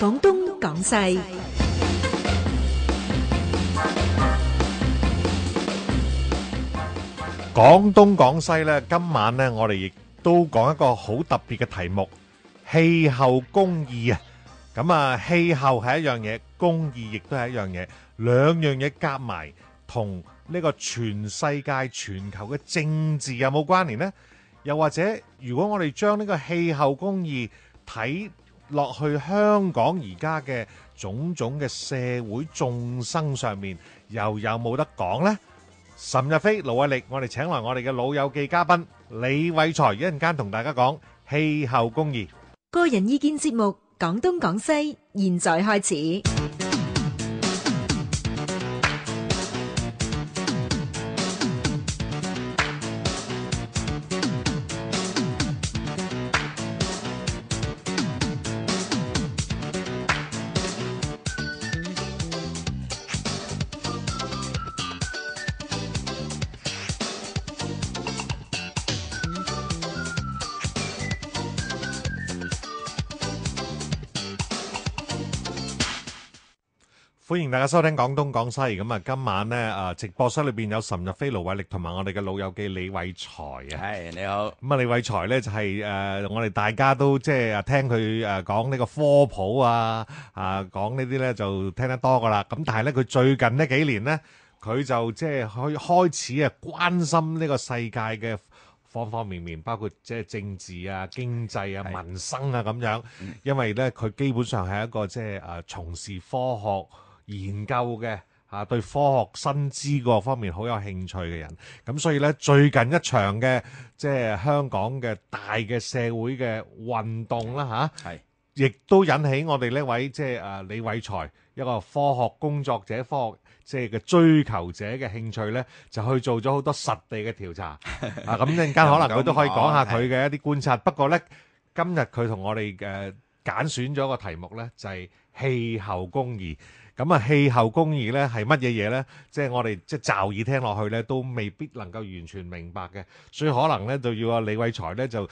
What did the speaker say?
講東講西，講東講西呢。今晚呢，我哋亦都講一個好特別嘅題目——氣候公義啊！咁啊，氣候係一樣嘢，公義亦都係一樣嘢，兩樣嘢夾埋，同呢個全世界、全球嘅政治有冇關聯呢？又或者，如果我哋將呢個氣候公義睇落去香港而家嘅種種嘅社會眾生上面，又有冇得講呢？岑逸飛、盧偉力，我哋請嚟我哋嘅老友記嘉賓李偉才，一陣間同大家講氣候公義。個人意見節目，講東講西，現在開始。歡迎大家收聽廣東講西，咁啊今晚咧，啊直播室裏邊有岑逸飛、盧偉力同埋我哋嘅老友記李偉才啊，係你好，咁啊李偉才咧就係誒我哋大家都即係啊聽佢誒講呢個科普啊啊講呢啲咧就聽得多噶啦，咁但係咧佢最近呢幾年咧佢就即係可以開始啊關心呢個世界嘅方方面面，包括即係政治啊、經濟啊、民生啊咁樣，因為咧佢基本上係一個即係誒從事科學。研究嘅嚇，對科學新知各方面好有興趣嘅人，咁所以呢最近一場嘅即係香港嘅大嘅社會嘅運動啦嚇，係亦都引起我哋呢位即係誒李偉才一個科學工作者、科學即係嘅追求者嘅興趣呢，就去做咗好多實地嘅調查啊！咁陣間可能佢都可以講下佢嘅一啲觀察。不過呢，今日佢同我哋嘅揀選咗個題目咧，就係氣候公義，咁啊，氣候公義咧係乜嘢嘢咧？即係我哋即係驟耳聽落去咧，都未必能夠完全明白嘅。所以可能咧，就要阿李偉才咧就。